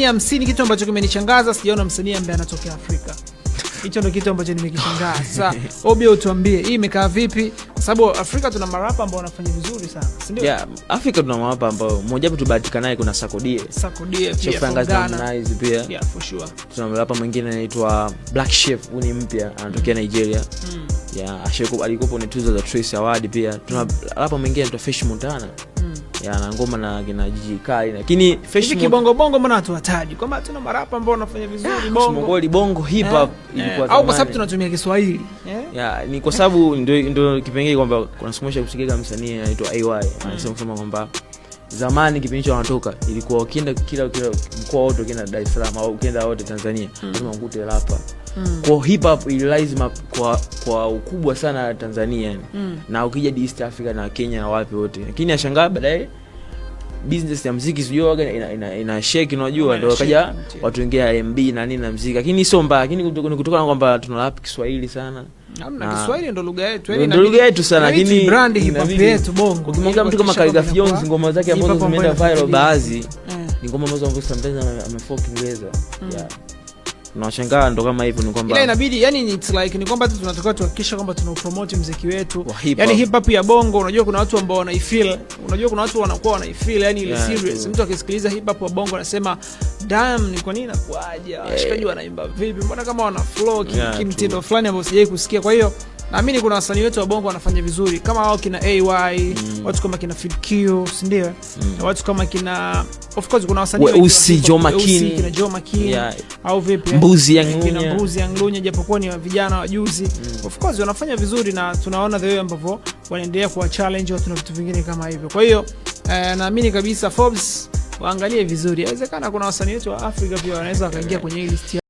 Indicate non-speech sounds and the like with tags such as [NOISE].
wasanii hamsini, kitu ambacho kimenishangaza, sijaona msanii ambaye anatokea Afrika. Hicho ndo kitu ambacho nimekishangaa. Sasa [LAUGHS] Obio, utuambie hii imekaa vipi? Kwa sababu Afrika tuna marapa ambao wanafanya vizuri sana, si Yeah, Afrika tuna marapa ambao mmoja wapo tubahatika naye, kuna Sakodie, Sakodie pia Harmonize pia, for sure. Tuna marapa mwingine anaitwa Black Chef, huyu ni mpya, anatokea mm. Nigeria mm. Yeah, alikuwa ni tuzo za Trace Award pia. Tuna mm. rapa mwingine anaitwa Fish Montana mm ya na ngoma na kina jiji Kali, lakini fresh kibongo bongo, mbona watu wataji kwamba hatuna marapa ambao wanafanya vizuri ah, bongo bongo bongo hip hop eh, ilikuwa eh, au kwa sababu tunatumia Kiswahili eh? ya ni kwa sababu ndio ndio kipengele kwamba kuna somo cha kusikia msanii anaitwa AY anasema mm. kwamba zamani kipindi hicho wanatoka ilikuwa ukienda kila kila mkoa wote ukienda Dar es Salaam au ukienda wote Tanzania mm. lazima mm. ukute rapa mm. kwa hip hop ilirise kwa kwa ukubwa sana Tanzania yani mm. na ukija East Africa na Kenya na wapi wote lakini ashangaa baadaye business ya mziki sijui waga ina, ina, ina shake unajua, ndio wakaja watu wengine MB na nini na mziki, lakini sio mbaya, lakini ni kutokana kwamba tunalap Kiswahili sana. Kiswahili ndo lugha yetu, yaani ndo lugha yetu sana, lakini brand hip hop yetu bongo. mtu kama Khaligraph ngoma zake ambazo zimeenda viral, baadhi eh. ni ngoma ambazo sometimes amefolk Kiingereza mm. yeah tunashangaa ndo kama hivyo, ni kwamba inabidi yani, it's like ni kwamba tunatakiwa tuhakikisha kwamba tuna promote muziki wetu hip yani hip hop ya bongo. Unajua kuna watu ambao wanaifeel, unajua kuna watu wanakuwa wanaifeel yani ile yeah, serious. Mtu akisikiliza hip hop ya bongo anasema damn, ni kwa nini inakuaje? Eh. Washikaji wanaimba vipi? Mbona kama wana flow kimtindo fulani ambao sijai kusikia, kwa hiyo naamini kuna wasanii wetu wa bongo wanafanya vizuri kama wao kina AY mm. watu kama kina Fidkio si ndio? mm. watu kama kina of course kuna wasanii weusi Jo Makini kina Jo Makini yeah. au vipi eh? Mbuzi ya Ngunya Mbuzi ya Ngunya, japokuwa ni vijana wa juzi mm. of course wanafanya vizuri na tunaona the way ambavyo wanaendelea kuwa challenge watu na vitu vingine kama hivyo. Kwa hiyo eh, naamini kabisa Forbes waangalie vizuri, inawezekana kuna wasanii wetu wa Afrika pia wanaweza wakaingia kwenye hii list.